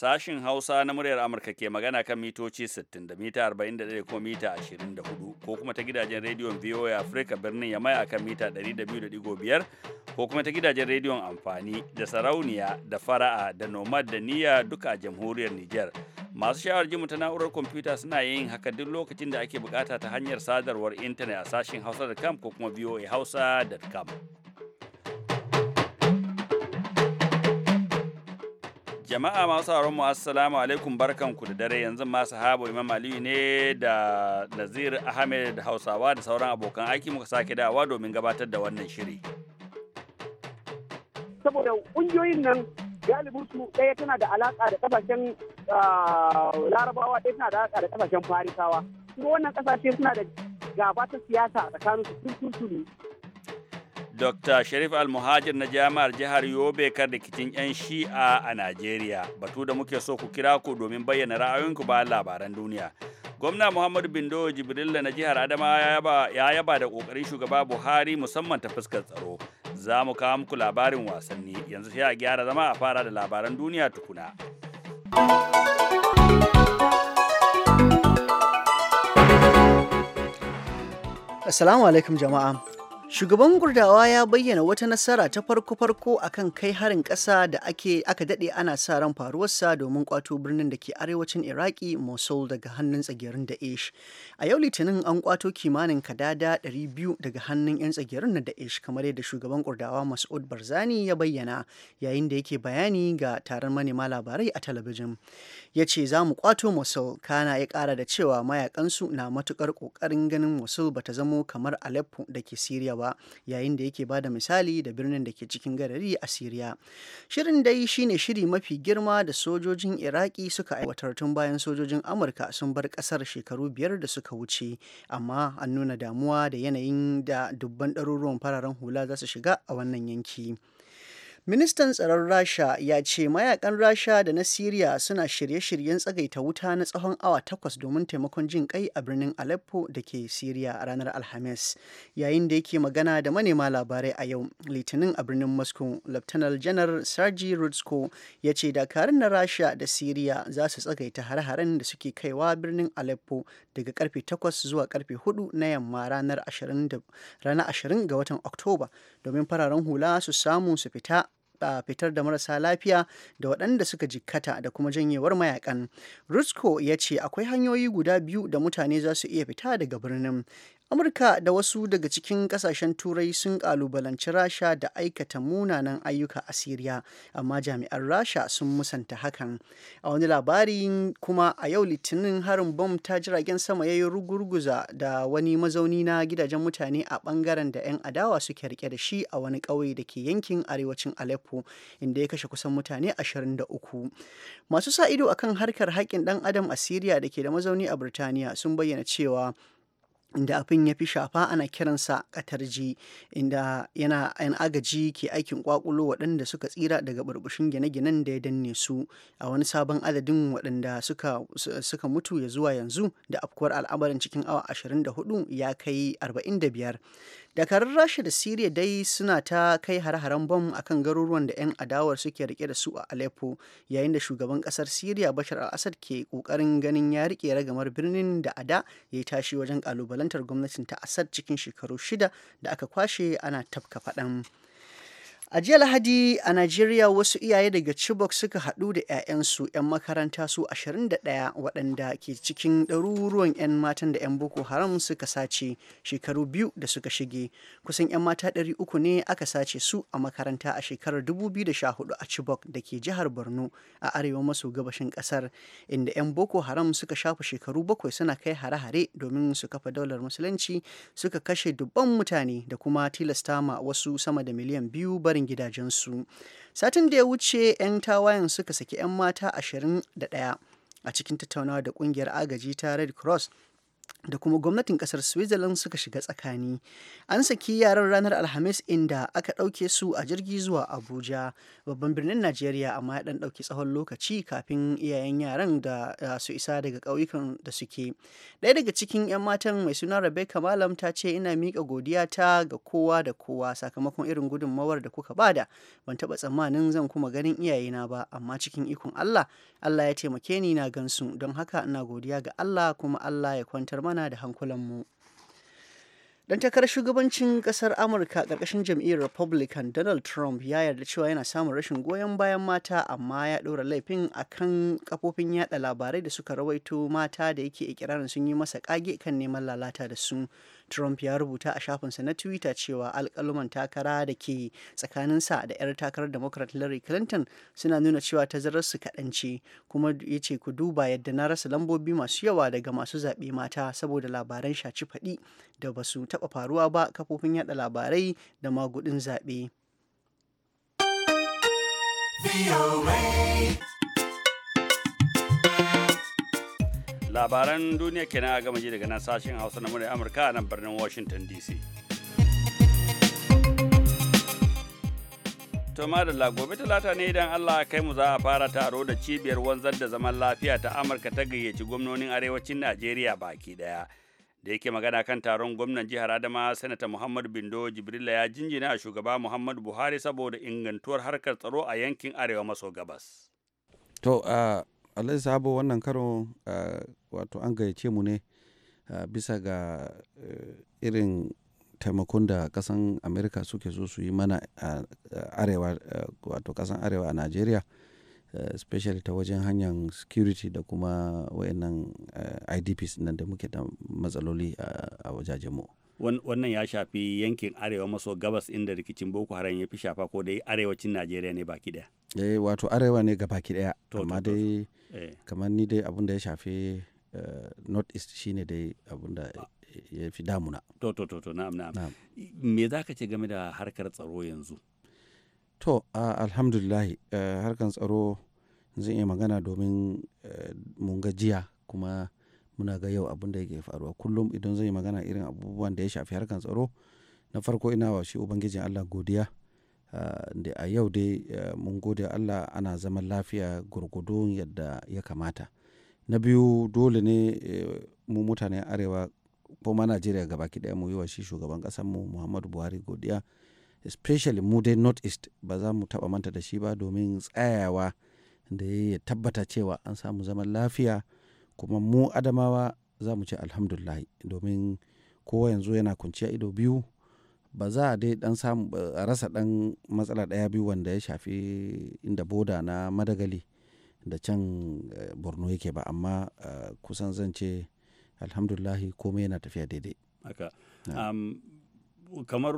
Sashin Hausa na muryar Amurka ke magana kan mitoci 60 da mita 41 ko mita 24 ko kuma ta gidajen rediyon VOA Africa birnin Yamai akan kan mita 200.5 ko kuma ta gidajen rediyon amfani da sarauniya da fara'a da nomad da niyya duka a jamhuriyar niger Masu sha'awar jimu ta na'urar kwamfuta suna yin haka duk lokacin da ake bukata ta hanyar sadarwar intanet a sashin hausa.com ko kuma hausa.com Jama'a masu sauraron mu assalamu alaikum barkanku da dare yanzu masu sahabo Imam Aliyu ne da Nazir Ahmed da Hausawa da sauran abokan aiki muka sake dawa domin gabatar da wannan shiri. Saboda ƙungiyoyin nan galibin su ɗaya tana da alaƙa da ƙasashen ah, larabawa ɗaya tana da alaƙa da ƙasashen farisawa. Kuma wannan ƙasashe suna da gaba ta siyasa tsakanin su tun Dr. Sharif Almuhajir na jami'ar jihar Yobe kan rikicin 'yan shi'a a Najeriya. Batu da muke so ku kira ku domin bayyana ra'ayoyinku ba labaran duniya. Gwamna Muhammadu Bindo Jibrilla na jihar Adama ya yaba da kokarin shugaba Buhari musamman ta fuskar tsaro. Za mu kawo muku labarin wasanni. Yanzu sai a gyara zama a fara da labaran duniya tukuna. Assalamu alaikum jama'a. Shugaban Gurdawa ya bayyana wata nasara ta farko-farko a kan kai harin ƙasa da ake aka daɗe ana sa ran faruwarsa domin kwato birnin da ke arewacin Iraki Mosul daga hannun tsagerin Daesh. A yau Litinin an kwato kimanin kadada 200 daga hannun 'yan tsagerin na Daesh kamar yadda shugaban Gurdawa Mas'ud Barzani ya bayyana yayin da yake bayani ga taron manema labarai a talabijin. Ya ce za mu kwato Mosul kana ya kara da cewa mayakansu na matukar ƙoƙarin ganin Mosul bata zamo kamar Aleppo da ke Siriya ba yayin da yake bada misali da birnin da ke cikin garari a Siriya. Shirin dai shine shiri mafi girma da sojojin Iraki suka aiwatar tun bayan sojojin Amurka sun bar kasar shekaru biyar da suka wuce amma an nuna damuwa da yanayin da dubban ɗaruruwan fararen hula za su shiga a wannan yanki. Ministan tsaron Rasha ya ce mayakan Rasha da na Siriya suna shirye-shiryen tsagaita wuta na tsawon awa takwas domin taimakon jin kai a birnin Aleppo da ke Siriya a ranar Alhamis. Yayin da yake magana da manema labarai a yau Litinin a birnin Moscow, lieutenant Janar Sergi Rutsko ya ce dakarun na Rasha da Siriya za su tsagaita har-haren da suke kaiwa birnin Aleppo daga karfe 8 zuwa karfe 4 na yamma ranar 20 ga watan Oktoba domin fararen hula su samu su fita a fitar da marasa lafiya da waɗanda suka jikkata da kuma janyewar mayakan. Rusko ya ce akwai hanyoyi guda biyu da mutane za su iya fita daga birnin. amurka da wasu daga cikin kasashen turai sun kalubalanci rasha da aikata munanan ayyuka a siriya amma jami'an rasha sun musanta hakan a wani labari kuma a yau litinin harin bom ta jiragen sama ya yi rugurguza da wani mazauni na gidajen mutane a bangaren da 'yan adawa suke rike da shi a wani ƙauye da ke yankin arewacin aleppo inda ya kashe kusan mutane ashirin da uku masu sa ido akan harkar haƙƙin ɗan adam a siriya da ke da mazauni a birtaniya sun bayyana cewa inda abin ya fi shafa ana kiransa katarji inda yana yan agaji ke aikin kwakulo waɗanda suka tsira daga burbushin gine-ginen da ya danne su a wani sabon adadin waɗanda suka, suka mutu ya zuwa yanzu da afkuwar al'amarin cikin awa 24 ya kai 45 dakarun rasha da siriya dai suna ta kai hare-haren bom a kan garuruwan da 'yan adawar suke rike da su a aleppo yayin da shugaban kasar siriya bashar al-assad ke kokarin ganin ya rike ragamar birnin da ada ya yi tashi wajen kalubalantar gwamnatin ta assad cikin shekaru shida da aka kwashe ana tafka faɗan A jiya Lahadi a Najeriya wasu iyaye daga Chibok suka haɗu da 'ya'yansu 'yan makaranta su 21 waɗanda ke cikin ɗaruruwan 'yan matan da 'yan Boko Haram suka sace shekaru biyu da suka shige. Kusan 'yan mata 300 ne aka sace su a makaranta a shekarar 2014 a Chibok da ke jihar Borno a arewa maso gabashin ƙasar inda 'yan Boko Haram suka shafa shekaru bakwai suna kai hare-hare domin su kafa daular musulunci suka kashe dubban mutane da kuma tilasta ma wasu sama da miliyan biyu barin tsarin gidajensu satin da ya wuce 'yan tawayen suka saki 'yan mata 21 a cikin tattaunawa da kungiyar agaji ta red cross da kuma gwamnatin kasar switzerland suka shiga tsakani an saki yaran ranar alhamis inda aka ɗauke su a jirgi zuwa abuja babban birnin najeriya amma ya ɗan ɗauki tsawon lokaci kafin iyayen yaran da eh, su isa daga ƙauyukan da suke daya daga cikin 'yan matan mai suna rebecca malam ta ce ina miƙa godiya ta ga kowa da kowa sakamakon irin gudunmawar da kuka bada ban taba tsammanin zan kuma ganin iyayena ba amma cikin ikon allah allah ya taimake ni na gansu don haka ina godiya ga allah kuma allah ya kwantar mana da hankulanmu. Dan takarar shugabancin kasar Amurka ƙarƙashin jam'iyyar Republican Donald Trump ya yarda cewa yana samun rashin goyon bayan mata amma ya ɗora laifin akan kafofin yada labarai da suka rawaito mata da yake ikirarin sun yi masa ƙage kan neman lalata da su. Trump ya rubuta a shafinsa na Twitter cewa alkaluman takara da ke tsakaninsa da 'yar takarar Democrat Hillary Clinton suna nuna cewa zarar su ce, kuma ya ce ku duba yadda na rasa lambobi masu yawa daga masu zaɓe mata saboda labaran shaci faɗi da ba su taɓa faruwa ba kafofin yada labarai da magudin zaɓe. labaran duniya kenan a gama ji daga nan sashen hausa na murya amurka a nan birnin washington dc to madalla gobe talata ne idan allah kai mu za a fara taro da cibiyar wanzar da zaman lafiya ta amurka ta gayyaci gwamnonin arewacin najeriya baki daya da yake magana kan taron gwamnan jihar adama sanata muhammad bindo jibrila ya jinjina a shugaba muhammadu buhari saboda ingantuwar harkar tsaro a yankin arewa maso gabas to ah, alhaji sabo wannan karo wato an gayyace mu ne bisa ga e, irin taimakon da kasan amerika suke so su yi mana a arewa wato kasan arewa a nigeria especially ta wajen hanyar security da kuma wayannan idps nan da muke da matsaloli a wajajenmu wannan ya shafi yankin arewa maso gabas inda rikicin boko haram ya fi shafa ko dai arewacin najeriya ne baki daya eh wato arewa ne ga baki daya amma dai Eh. kamar ni dai abin da ya shafi eh, north east shine dai abin da ya fi damuna to to to to na'am na'am me za ka ce game da harkar tsaro yanzu to alhamdulillahi eh, harkar tsaro zan iya magana domin mun gajiya kuma muna ga yau abin da yake faruwa kullum idan zan yi magana irin abubuwan da ya shafi harkar tsaro na farko ina wa shi ubangijin allah godiya da a yau dai eh, mun gode Allah ana zaman lafiya gurgudo yadda ya kamata na biyu dole ne eh, mu mutane arewa ko ma najeriya gaba daya mu yi wa shi shugaban mu muhammadu buhari godiya especially mu dai north east ba za mu taba manta da shi ba domin tsayawa da ya tabbata cewa an samu zaman lafiya kuma mu adamawa za mu ce alhamdulahi domin kowa yanzu yana kunciya ido biyu ba za a dai dan samu a rasa dan matsala daya biyu wanda ya shafi inda boda na madagali da can eh, borno yake ba amma eh, kusan zan ce alhamdulahi komai yana tafiya daidai kamar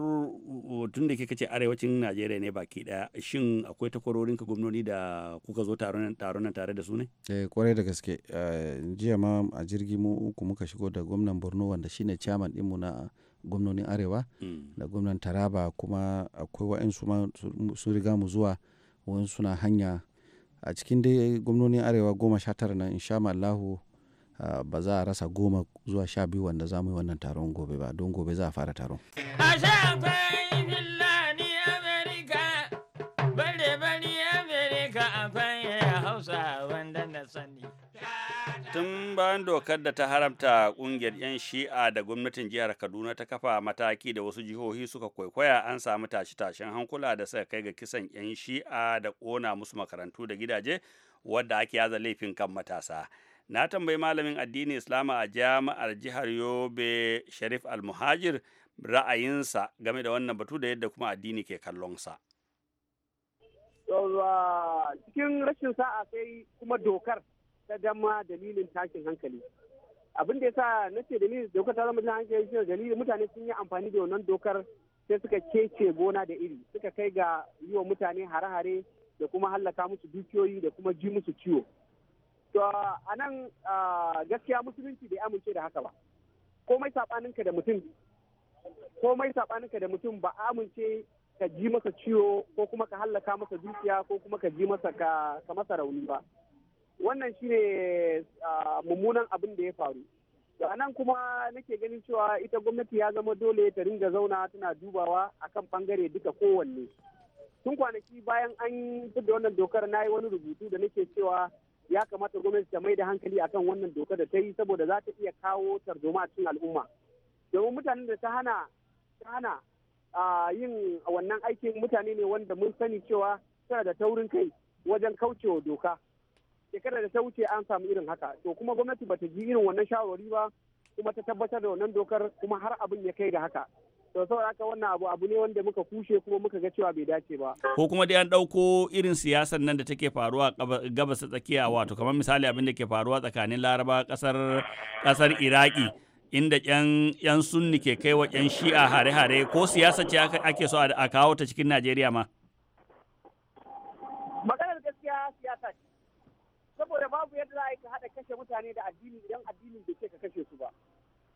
tun da kika ce arewacin najeriya ne baki daya shin akwai takwarorin ka gwamnoni da kuka zo taron nan tare da su ne kwarai eh, da gaske jiya ma a jirgi mu uku muka shigo da gwamnan borno wanda shine chairman dinmu na gwamnonin arewa hmm. da gwamnan taraba kuma akwai wa'insu ma sun riga mu zuwa wani suna hanya a cikin dai gwamnonin arewa goma sha tara nan insha allahu ba za a rasa goma zuwa sha biyu wanda za mu yi wannan taron gobe ba don gobe za a fara taron. tun bayan dokar da ta haramta kungiyar 'yan shi'a da gwamnatin jihar kaduna ta kafa mataki da wasu jihohi suka kwaikwaya an samu tashe-tashen hankula da suka kai ga kisan 'yan shi'a da kona musu makarantu da gidaje wadda ake yaza laifin kan matasa na tambayi malamin addini islama a jami'ar jihar yobe sharif almuhajir ra'ayinsa game da wannan batu da yadda kuma addini ke kallonsa cikin rashin sa'a sai kuma dokar ta dama dalilin tashin hankali abin da yasa na ce dalilin dokar ta zama hankali shi dalilin mutane sun yi amfani da wannan dokar sai suka kece gona da iri suka kai ga yi wa mutane hare-hare da kuma hallaka musu dukiyoyi da kuma ji musu ciwo to a nan gaskiya musulunci bai amince da haka ba komai saɓaninka da mutum komai saɓaninka da mutum ba amince ka ji masa ciwo ko kuma ka hallaka masa dukiya ko kuma ka ji masa ka masa rauni ba wannan shi ne mummunan abin da ya faru nan kuma nake ganin cewa ita gwamnati ya zama dole ta ringa zauna tana dubawa akan bangare duka kowanne tun kwanaki bayan an da wannan dokar na yi wani rubutu da nake cewa ya kamata gwamnati ta mai da hankali akan wannan dokar da ta yi saboda za ta iya kawo tarzoma a cikin al'umma domin mutanen da ta hana ta hana yin wannan aikin mutane ne wanda mun sani cewa suna da taurin kai wajen kaucewa doka shekarar da ta wuce an samu irin haka to kuma gwamnati bata ji irin wannan shawarwari ba kuma ta tabbatar da wannan dokar kuma har abin ya kai ga haka to saboda haka wannan abu abu ne wanda muka kushe kuma muka ga cewa bai dace ba ko kuma dai an dauko irin siyasar nan da take faruwa gabas tsakiya wato kamar misali abin da ke faruwa tsakanin laraba kasar kasar iraki inda yan yan sunni ke kai wa yan shi'a hare-hare ko siyasa ce ake so a kawo ta cikin najeriya ma saboda babu yadda za a ka haɗa kashe mutane da addini idan addini bai ce ka kashe su ba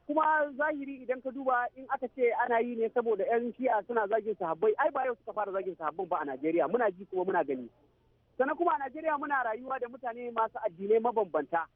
kuma zahiri idan ka duba in aka ce ana yi ne saboda yan shi'a suna zagin sahabbai ai ba yau suka fara zagin sahabban ba a Najeriya muna ji kuma muna gani sannan kuma a Najeriya muna rayuwa da mutane masu addinai mabambanta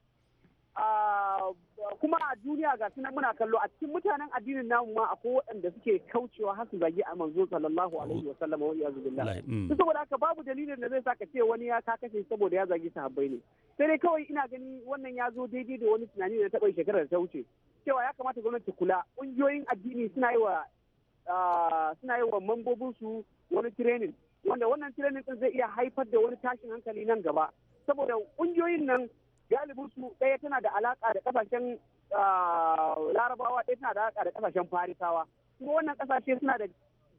kuma a duniya ga sunan muna kallo a cikin mutanen addinin namu ma akwai waɗanda suke kaucewa hasu zagi a manzo sallallahu alaihi wa sallam wa iyazu mm. saboda haka babu dalilin da zai saka ce wani ya ka kashe saboda ya zagi sahabbai ne sai dai kawai ina gani wannan ya zo daidai da wani tunani da taɓa shekarar ta wuce cewa ya kamata gwamnati kula ƙungiyoyin addini suna yi wa suna yi wa su wani training wanda wannan training din zai iya haifar da wani tashin hankali nan gaba saboda ƙungiyoyin nan galibin su ɗaya tana da alaƙa da ƙasashen ah, larabawa ɗaya tana da alaƙa da kasashen farisawa kuma wannan ƙasashe suna da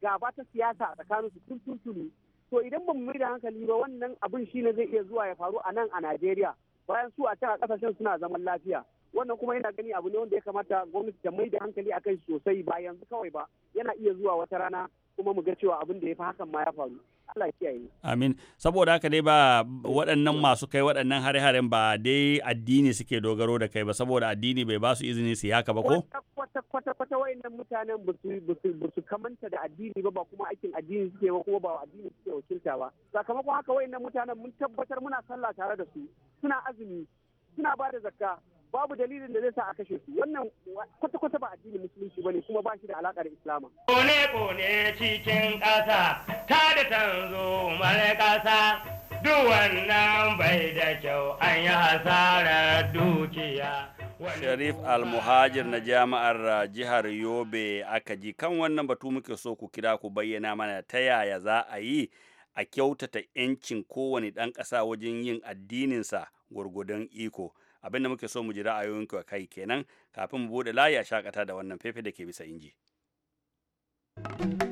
gaba ta siyasa a tsakanin su tuntuni to idan ba mu mai da hankali ba wannan abin ne zai iya zuwa ya faru a nan a Najeriya bayan su a can a ƙasashen suna zaman lafiya wannan kuma yana gani abu ne wanda ya kamata gwamnati ta mai da hankali a kai sosai ba yanzu kawai ba yana iya zuwa wata rana kuma mu ga cewa abin da ya fi hakan ma ya faru Amin. Saboda haka dai ba waɗannan masu kai waɗannan hare-haren ba dai addini suke dogaro da kai ba saboda addini bai ba su izini su haka ba ko? Kwata kwata waɗannan mutanen ba su kamanta da addini ba ba kuma aikin addini suke ba kuma ba addini suke wakilta ba. Sakamakon haka waɗannan mutanen mun tabbatar muna sallah tare da su suna azumi suna ba da zakka babu dalilin da zai sa a kashe su wannan ba shi da alaƙar islama. Kone kone cikin ƙasa ta da tanzo mara ƙasa duk wannan bai da kyau an yi hasarar dukiya. Sharif Almuhajir na jami'ar uh, jihar Yobe aka ji kan wannan batu muke so ku kira ku bayyana mana ta yaya za a yi a kyautata 'yancin kowane ɗan ƙasa wajen yin addininsa gwargwadon iko. abinda muke so mu ji ra'ayoyinku a kai kenan kafin mu bude layi a shakata da wannan fefe da ke bisa inji. thank you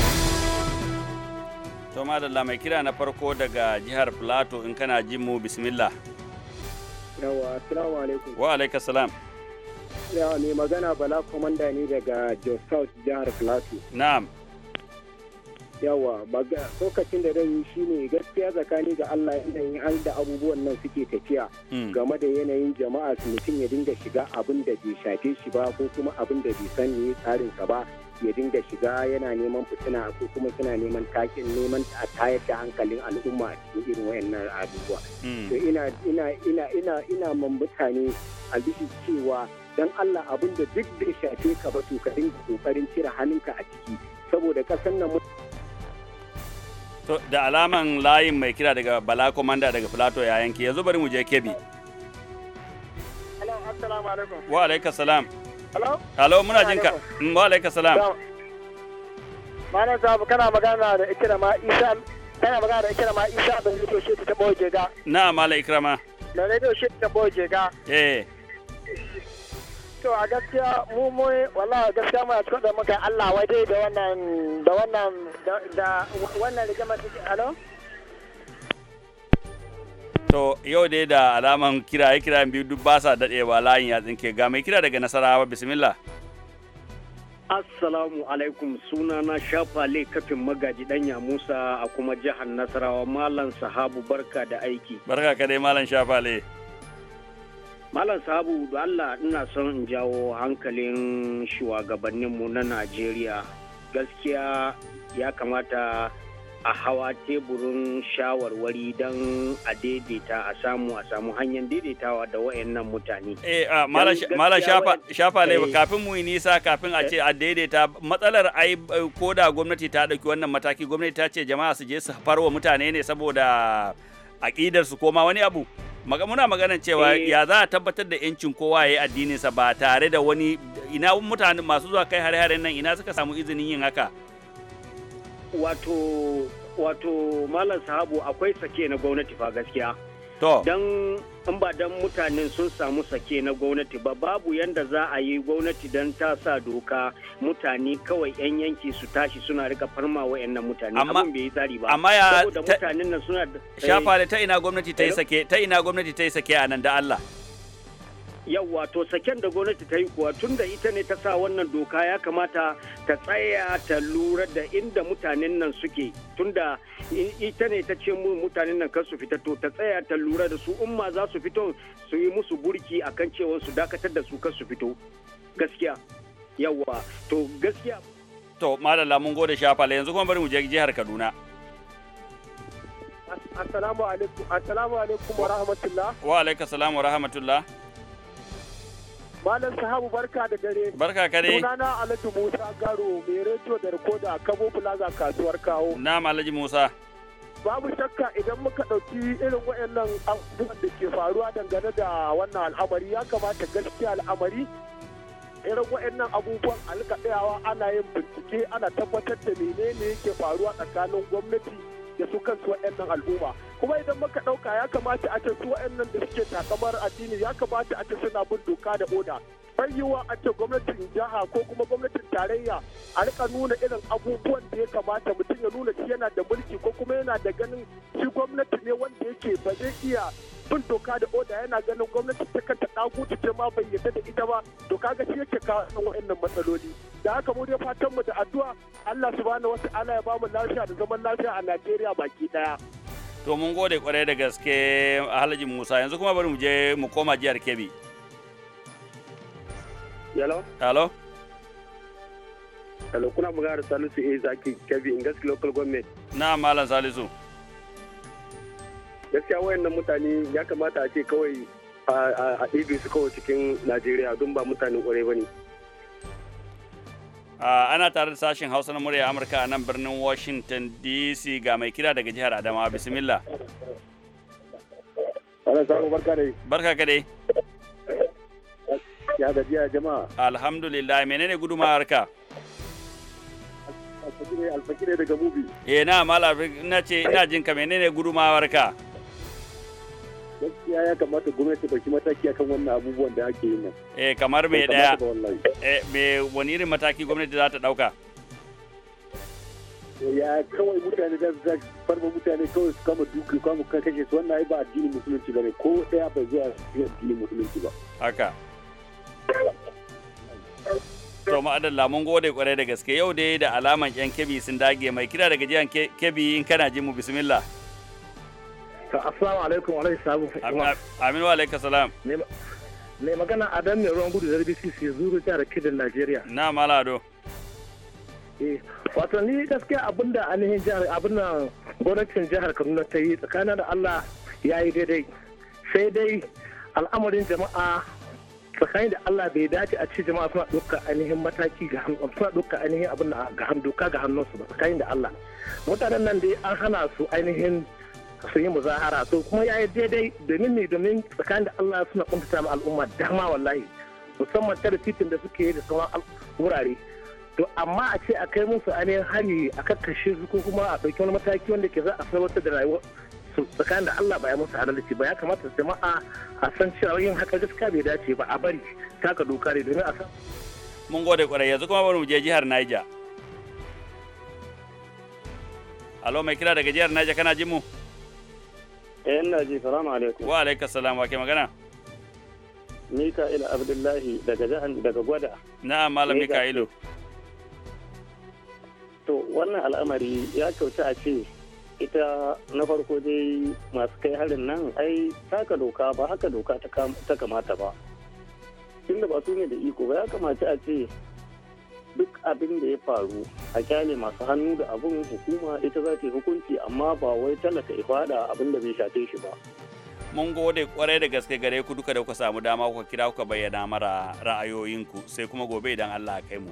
to madalla mai kira na farko daga jihar plateau in kana jin mu bismillah yawa assalamu alaikum wa alaika salam yawa mai magana bala komanda ne daga jos south jihar plateau na'am yawa lokacin da zan yi ne gaskiya tsakani ga Allah yanayin an da abubuwan nan suke tafiya hmm. game da yanayin jama'a su mutum ya dinga shiga abin da bai shafe shi ba ko kuma abin da bai sani tsarinsa ba ya dinga shiga yana neman fitina ko kuma suna neman takin neman a tayar da hankalin al'umma a cikin irin wayannan abubuwa hmm. to ina ina ina ina ina man mutane albishi cewa dan Allah abin da duk da shafe ka ba to ka dinga kokarin cire hannunka a ciki saboda kasan nan da alaman layin mai kira daga Bala Commander daga Plateau ya yanke yanzu bari mu je Kebbi Wa alaikum salam. Hello? Hello, muna jinka. Mm, wa alaika salam. Mana Sabu kana magana da Ikrama Isa kana magana da Ikrama Isa da Radio Shit ta Boje ga. Na Malam Ikrama. Da Radio Shit ta Boje ga. Eh. To a gaskiya mu mu wallahi gaskiya muna cikin da muka Allah dai da wannan da wannan da wannan rigimar take. Hello? to yau dai da alaman kira ya kira biyu duk ba sa daɗewa layin ya tsinke ga mai kira daga nasarawa bismillah Assalamu alaikum suna na shafale kafin magaji danya Musa a kuma jihar Nasarawa Malam Sahabu barka da aiki. Barka kadai Malam shafale. Malam Sahabu da Allah ina son in jawo hankalin shugabanninmu na Najeriya. Gaskiya ya kamata a hawa teburin shawarwari don a daidaita a samu a samu hanyar daidaitawa da wayannan mutane. Eh, ah, mala shafa laiba eh. kafin mu yi nisa kafin a eh. ce a daidaita matsalar ai eh, ko da gwamnati ta ɗauki wannan mataki gwamnati ta ce jama'a su je su farwa mutane ne saboda aƙidar su koma wani abu. muna maganar cewa ya za a tabbatar da yancin kowa ya yi addininsa ba tare da wani ina mutane masu zuwa kai hare-haren nan ina suka samu izinin yin haka wato wato malam sahabu akwai sake na gwamnati fa gaskiya don in ba don mutanen sun samu sake na gwamnati ba babu yanda za a yi gwamnati don ta sa doka mutane kawai 'yan yanki su tashi suna rika farma wa'annan mutane amma bai yi tsari ba amma ya mutanen nan suna shafa eh. da ta ina gwamnati ta yi sake ta ina gwamnati ta yi sake a nan da Allah yawa to saken da gwamnati ta yi kuwa tun da ita ne ta sa wannan doka ya kamata ta tsaya ta lura da inda mutanen nan suke tun da ita ne ta ce mutanen nan kan su fita to ta tsaya ta lura da su umma za su fito su yi musu burki a kan cewa su dakatar da su kan su fito gaskiya yawa to gaskiya to malala mun gode shafa yanzu kuma bari mu je jihar Kaduna Assalamu alaikum, assalamu alaikum wa rahmatullah. Wa alaikum salam wa rahmatullah. Malam Sahabu barka da dare. Barka kare. Sunana Alhaji Musa Garo mai rediyo da rikoda Kabo Plaza kasuwar kawo. Na Alhaji Musa. Babu shakka idan muka ɗauki irin waɗannan abubuwan da ke faruwa dangane da wannan al'amari ya kamata gaskiya al'amari irin waɗannan abubuwan alkaɗayawa ana yin bincike ana tabbatar da menene yake faruwa tsakanin gwamnati da su kansu waɗannan al'umma kuma idan muka ɗauka ya kamata a ta su waɗannan da suke takamar addini ya kamata a ce suna bin doka da oda bai yiwuwa a ce gwamnatin jiha ko kuma gwamnatin tarayya a rika nuna irin abubuwan da ya kamata mutum ya nuna shi yana da mulki ko kuma yana da ganin shi gwamnati ne wanda yake ba zai iya bin doka da oda yana ganin gwamnati ta kanta ta ce ma bai yadda da ita ba to kaga shi yake kawo waɗannan matsaloli da haka mu dai fatan mu da addu'a Allah subhanahu wataala ya bamu lafiya da zaman lafiya a Najeriya baki daya to mun gode kwarai da gaske Alhaji Musa yanzu kuma bari mu je mu koma jihar Kebbi Hello Hello Hello kuna magana da Salisu A Zaki Kebbi in gaske local government na malam Salisu gaskiya wayannan mutane ya kamata a ce kawai a ɗebe su kawai cikin najeriya don ba mutane ƙwarai ba ne ana tare da sashen hausa na murya amurka a nan birnin washington dc ga mai kira daga jihar adamawa bismillah ana samu barka dai barka ka dai ya gajiya jama'a alhamdulillah menene gudumawar ka alfakire daga mubi eh na ma na ce ina jin ka menene gudumawar ka gaskiya ya kamata gwamnati ɗauki mataki akan wannan abubuwan da ake yi nan eh kamar me daya eh me wani irin mataki gwamnati za ta ɗauka ya kawai mutane da za farba mutane kawai su kama duki kama kashe su wannan ai ba addinin musulunci bane ko daya bai zuwa addinin musulunci ba haka to ma'adalla mun gode kwarai da gaske yau dai da alaman yan kebi sun dage mai kira daga jihar kebi in kana jin mu bismillah To assalamu alaikum wa alaikum Amin wa alaikum salam. ne magana Adam dan ruwan gudu da RBCC zuru jihar Kidin Najeriya. Na malado. Eh, wato ni gaskiya abinda ainihin jihar abin nan gwamnatin jihar Kaduna ta yi tsakanin da Allah ya yi daidai. Sai dai al'amarin jama'a tsakanin da Allah bai dace a ce jama'a suna ɗauka ainihin mataki ga hannun suna ɗauka ainihin abin ga doka ga hannunsu ba tsakanin da Allah. Mutanen nan dai an hana su ainihin su yi muzahara to kuma ya yi daidai domin ne domin tsakanin da Allah suna kuntata ma al'umma dama wallahi musamman da titin da suke yi da sauran wurare to amma a ce a kai musu ainihin hari a kakkashe su ko kuma a ɗauki wani mataki wanda ke za a salwatar da rayuwa su tsakanin da Allah ba ya musu adalci ba ya kamata jama'a a san cewa yin haka gaskiya bai dace ba a bari taka doka ne domin a san mun gode kwarai yanzu kuma bari mu je jihar Niger Alo mai kira daga jihar Niger kana jin mu? yan eh, ina ji salamu alaikum wa alaikum salam wa ke magana mika'il abdullahi daga jahan daga gwada na malam mika'ilu to wannan al'amari ya kyauta a ce ita na farko dai masu kai harin nan ai taka doka ba haka doka ta kamata ba tunda ba su ne da iko ba ya kamata a ce duk abin da ya faru a kyale masu hannu da abin hukuma ita za ta yi hukunci amma ba wai talaka ifada abin da bai shafe shi ba. Mun gode kwarai da gaske gare ku duka da kuka samu dama kuka kira kuka bayyana mara ra'ayoyinku sai kuma gobe idan Allah ya kai mu.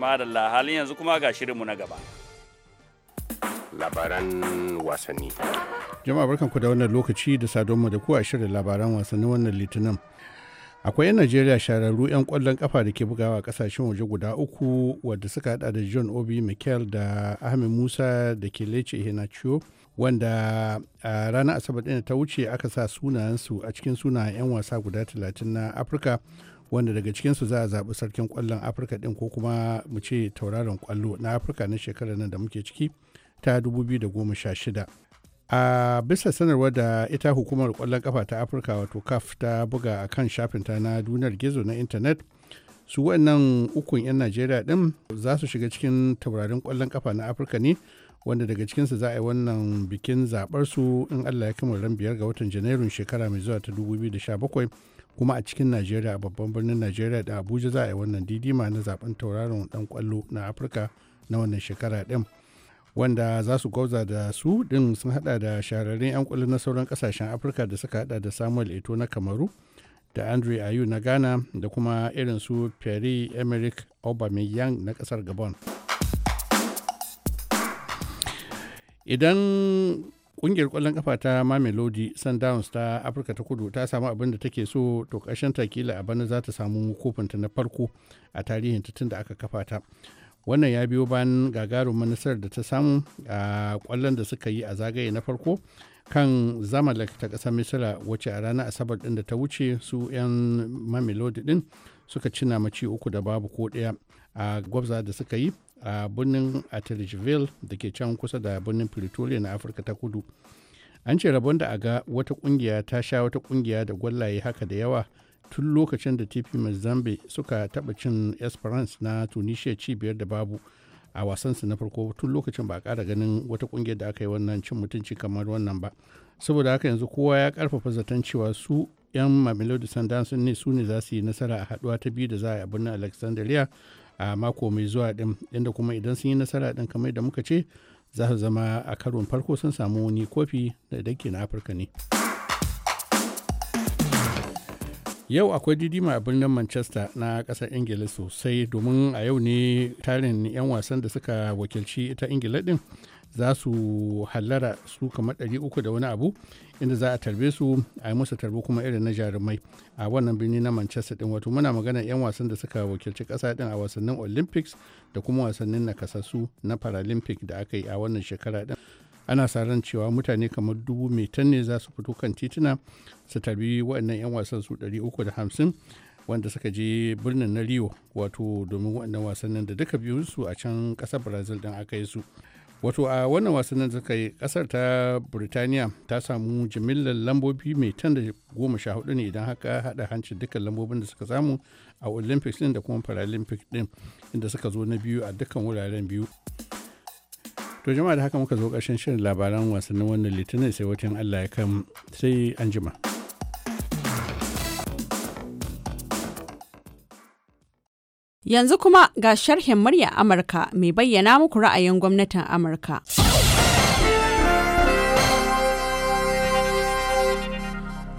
Madalla halin yanzu kuma ga shirinmu na gaba. Labaran wasanni. Jama'a barkanku da wannan lokaci da sadonmu da ku a shirin labaran wasanni wannan litinin. akwai 'yan najeriya shararru 'yan kwallon kafa da ke bugawa kasashen waje guda uku wadda suka hada da john obi michael da ahmed musa da ke lece henacio wanda a ranar asabar ɗin ta wuce aka sa sunayensu a cikin sunayen 'yan wasa guda 30 na afirka wanda daga cikinsu za a zaɓi sarkin kwallon afirka ɗin ko kuma mu ce tauraron kwallo na afirka na shekarar nan da muke ciki ta 2016 a bisa sanarwar da ita hukumar kwallon kafa ta afirka wato kaf ta buga a kan shafinta na duniyar gizo na intanet su wannan ukun 'yan najeriya din za su shiga cikin taurarin kwallon kafa na afirka ne wanda daga cikinsu za a yi wannan bikin zaɓar su in allah ya kama ran biyar ga watan janairun shekara mai zuwa ta 2017 kuma a cikin najeriya a babban birnin najeriya da abuja za a yi wannan didima na zaben tauraron dan kwallo na afirka na wannan shekara din wanda za su gwauza da su din sun hada da shahararrun 'yan kula na sauran kasashen afirka da suka hada da samuel eto na kamaru da andre ayu na ghana da kuma irin su perry emerick aubameyang na kasar gabon idan kungiyar kwallon kafa ta mamelodi sundowns ta afirka ta kudu ta samu abin da take so to ƙarshen takila a bana za ta samu kofinta na farko a tarihin tun da aka kafa ta wannan ya biyo bayan gagarumin nasarar da ta samu a kwallon da suka yi a zagaye na farko kan zamalek ta ƙasar misira wacce a ranar asabar ɗin da ta wuce su 'yan mamelodi ɗin suka cina maci uku da babu ko ɗaya a gwabza da suka yi a birnin atelijville da ke can kusa da birnin pretoria na afirka ta kudu an ce rabon da a ga wata kungiya ta sha wata kungiya da gwallaye haka da yawa tun lokacin da tp mozambique suka taba cin esperance na tunisia cibiyar da babu a wasansu na farko tun lokacin ba a kara ganin wata kungiyar da aka yi wannan cin mutunci kamar wannan ba saboda haka yanzu kowa ya karfafa zaton cewa su 'yan mamelodi sundowns ne su ne za su yi nasara a haduwa ta biyu da za a yi a birnin alexandria a mako mai zuwa din inda kuma idan sun yi nasara din kamar da muka ce za su zama a karon farko sun samu wani kofi da dake na afirka ne. yau akwai didima a birnin manchester na kasar ingila sosai domin a yau ne tarin 'yan wasan da suka wakilci ita ingila din za su hallara su kamar 300 da wani abu inda za a tarbe su a yi musu tarbe kuma irin na jarumai a wannan birni na manchester din wato muna magana 'yan wasan da suka wakilci kasa din a wasannin olympics da kuma wasannin nakasassu na paralympic da aka yi a wannan shekara din ana sa ran cewa mutane kamar dubu mai tan ne za su fito kan tituna su tarbi waɗannan 'yan wasan su 350 wanda suka je birnin na rio wato domin waɗannan wasannin da duka biyu su a can ƙasar brazil din aka yi su wato a wannan wasannin da suka yi ƙasar ta burtaniya ta samu jimillar lambobi mai tan da goma sha hudu ne idan haka haɗa hancin dukkan lambobin da suka samu a olympics ɗin da kuma paralympics ɗin inda suka zo na biyu a dukkan wuraren biyu. to jama'a da haka muka zo ƙarshen shirin labaran wasannin wannan litinin sai wajen allah ya kan sai an jima. Yanzu kuma ga sharhin murya Amurka mai bayyana muku ra'ayin gwamnatin Amurka.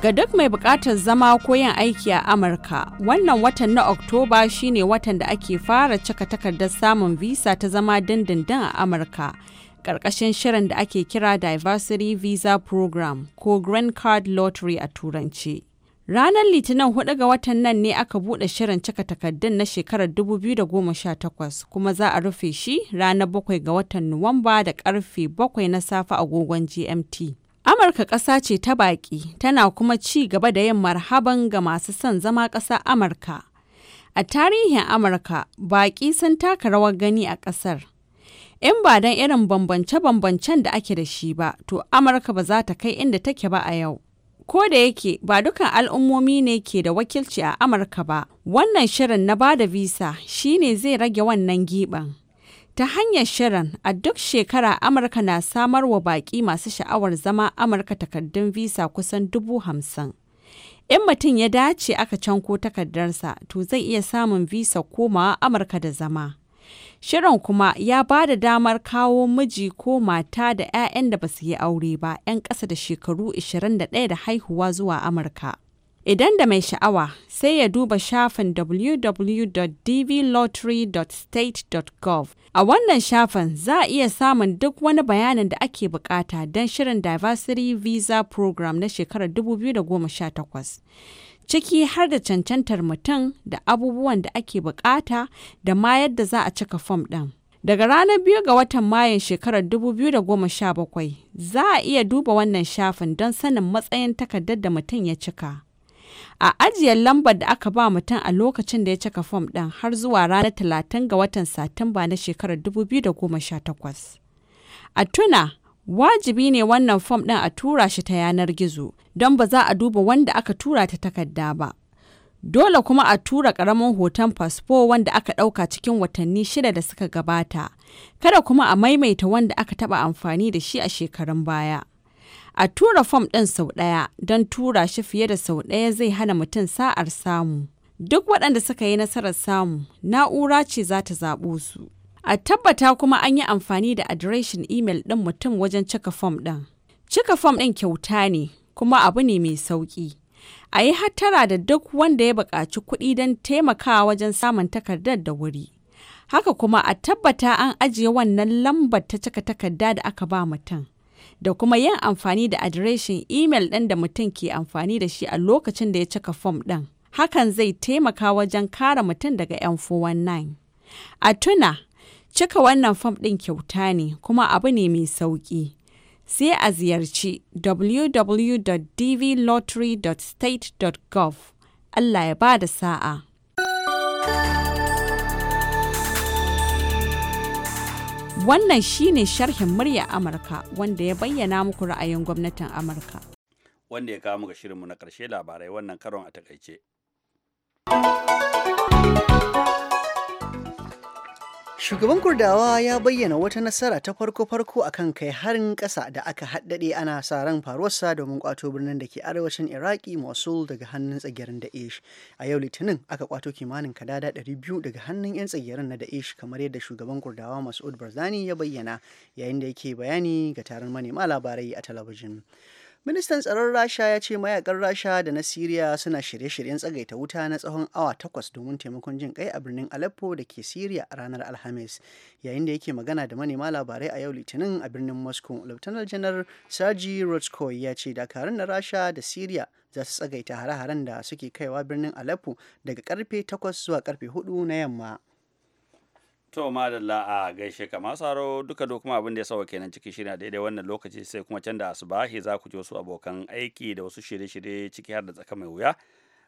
Ga duk mai bukatar zama ko yin aiki a Amurka, wannan watan na Oktoba shine watan da ake fara cika takardar samun visa ta zama dindindin a Amurka. Ƙarƙashin shirin da ake kira Diversity Visa Program ko Green Card Lottery a Turanci. Ranar Litinin hudu ga watan nan ne aka buɗe shirin cika takardun na shekarar 2018 kuma za a rufe shi ranar 7 ga watan Nuwamba da karfe 7 na safe agogon GMT. Amurka ƙasa ce ta baƙi tana kuma ci gaba da yin marhaban ga masu son zama ƙasa Amurka. A tarihin Amurka, baƙi sun taka rawar gani a ƙasar. In ba don irin bambance-bambancen da ake da shi ba, to Amurka ba za ta kai inda take ba a yau. Ko da yake ba dukan al'ummomi ne ke da wakilci a Amurka ba, wannan shirin na bada visa shi ne zai rage wannan giɓan. Ta hanyar shirin, a duk shekara Amurka na samar wa baƙi masu sha'awar zama Amurka takardun visa kusan dubu hamsin. In mutum ya dace aka canko takardarsa, to zai iya samun visa komawa Amurka da zama. Shirin kuma ya ba da damar kawo miji ko mata da 'ya'yan da ba su yi aure ba 'yan ƙasa da shekaru 21 da haihuwa zuwa Amurka. Idan da mai sha'awa sai ya duba shafin www.dvlottery.state.gov. A wannan shafin za a iya samun duk wani bayanin da ake bukata don shirin Diversity Visa Program na shekarar 2018. Ciki har da cancantar mutum da abubuwan da ake bukata da ma yadda za a cika fom ɗin. Daga ranar biyu ga watan Mayun shekarar 2017 za a iya duba wannan shafin don sanin matsayin takardar da mutum ya cika. a ajiyar lambar da aka ba mutum a lokacin da ya cika fom ɗin har zuwa ranar talatin ga watan satumba na shekarar 2018 a tuna wajibi ne wannan fom ɗin a tura shi ta yanar gizo don ba za a duba wanda aka tura ta takarda ba dole kuma a tura ƙaramin hoton fasfo wanda aka ɗauka cikin watanni shida da suka gabata kada kuma a maimaita wanda aka taɓa amfani da shi a shekarun baya A tura fom ɗin sau ɗaya don tura shi fiye da sau ɗaya zai hana mutum sa'ar samu. Duk waɗanda suka yi nasarar samu, na'ura ce za ta zaɓo su. A tabbata kuma an yi amfani da adireshin imel ɗin mutum wajen cika fom ɗin. Cika fom ɗin kyauta ne, kuma abu ne mai sauƙi. A yi hattara da duk wanda ya buƙaci kuɗi don taimakawa wajen samun takardar da wuri. Haka kuma a tabbata an ajiye wannan lambar ta cika takarda da aka ba mutum. da kuma yin amfani da adireshin imel ɗin da mutum ke amfani da shi a lokacin da ya cika fom ɗin. Hakan zai taimaka wajen kare mutum daga 'yan 419. A tuna, cika wannan fom ɗin kyauta ne kuma abu ne mai sauƙi. Sai a ziyarci www.dvlottery.state.gov. Allah ya ba da sa'a. Wannan shine sharhin murya Amurka wanda ya bayyana muku ra'ayin gwamnatin Amurka. Wanda ya kawo muka shirinmu na ƙarshe labarai wannan karon a takaice. Shugaban Kurdawa ya bayyana wata nasara ta farko-farko a kan kai harin ƙasa da aka haddade ana sa ran faruwarsa domin kwato birnin da ke arewacin Iraki Mosul daga hannun tsagirin Ish. A yau Litinin aka kwato kimanin kadada 200 daga hannun 'yan tsagirin na Ish kamar yadda shugaban Kurdawa Mas'ud Barzani ya bayyana yayin da yake bayani ga taron manema labarai a talabijin. ministan tsaron rasha ya ce mayakan rasha da na siriya suna shirye-shiryen tsagaita wuta na tsawon awa takwas domin taimakon jin kai a birnin aleppo da ke siriya a ranar alhamis yayin da yake magana da manema labarai a yau litinin a birnin moscow lieutenant janar sergi rotskoy ya ce dakarun na rasha da siriya za su tsagaita hare-haren da suke kaiwa birnin aleppo daga karfe 8 zuwa karfe 4 na yamma To madalla a gaishe kama saro duka da kuma abin da ya sawa kenan cikin shirin a daidai wannan lokaci sai kuma can da asubahi za ku ji wasu abokan aiki da wasu shirye-shirye ciki har da tsaka mai wuya.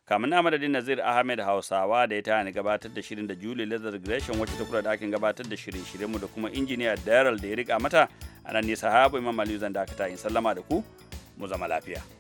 Kamin na madadin Nazir Ahmed Hausawa da ya tayani gabatar da shirin da Julie Leather Gresham wacce ta kula da akin gabatar da shirin shirin mu da kuma injiniya Daryl da ya rika mata a nan ne sahabu Imam Aliyu zan dakata in sallama da ku mu zama lafiya.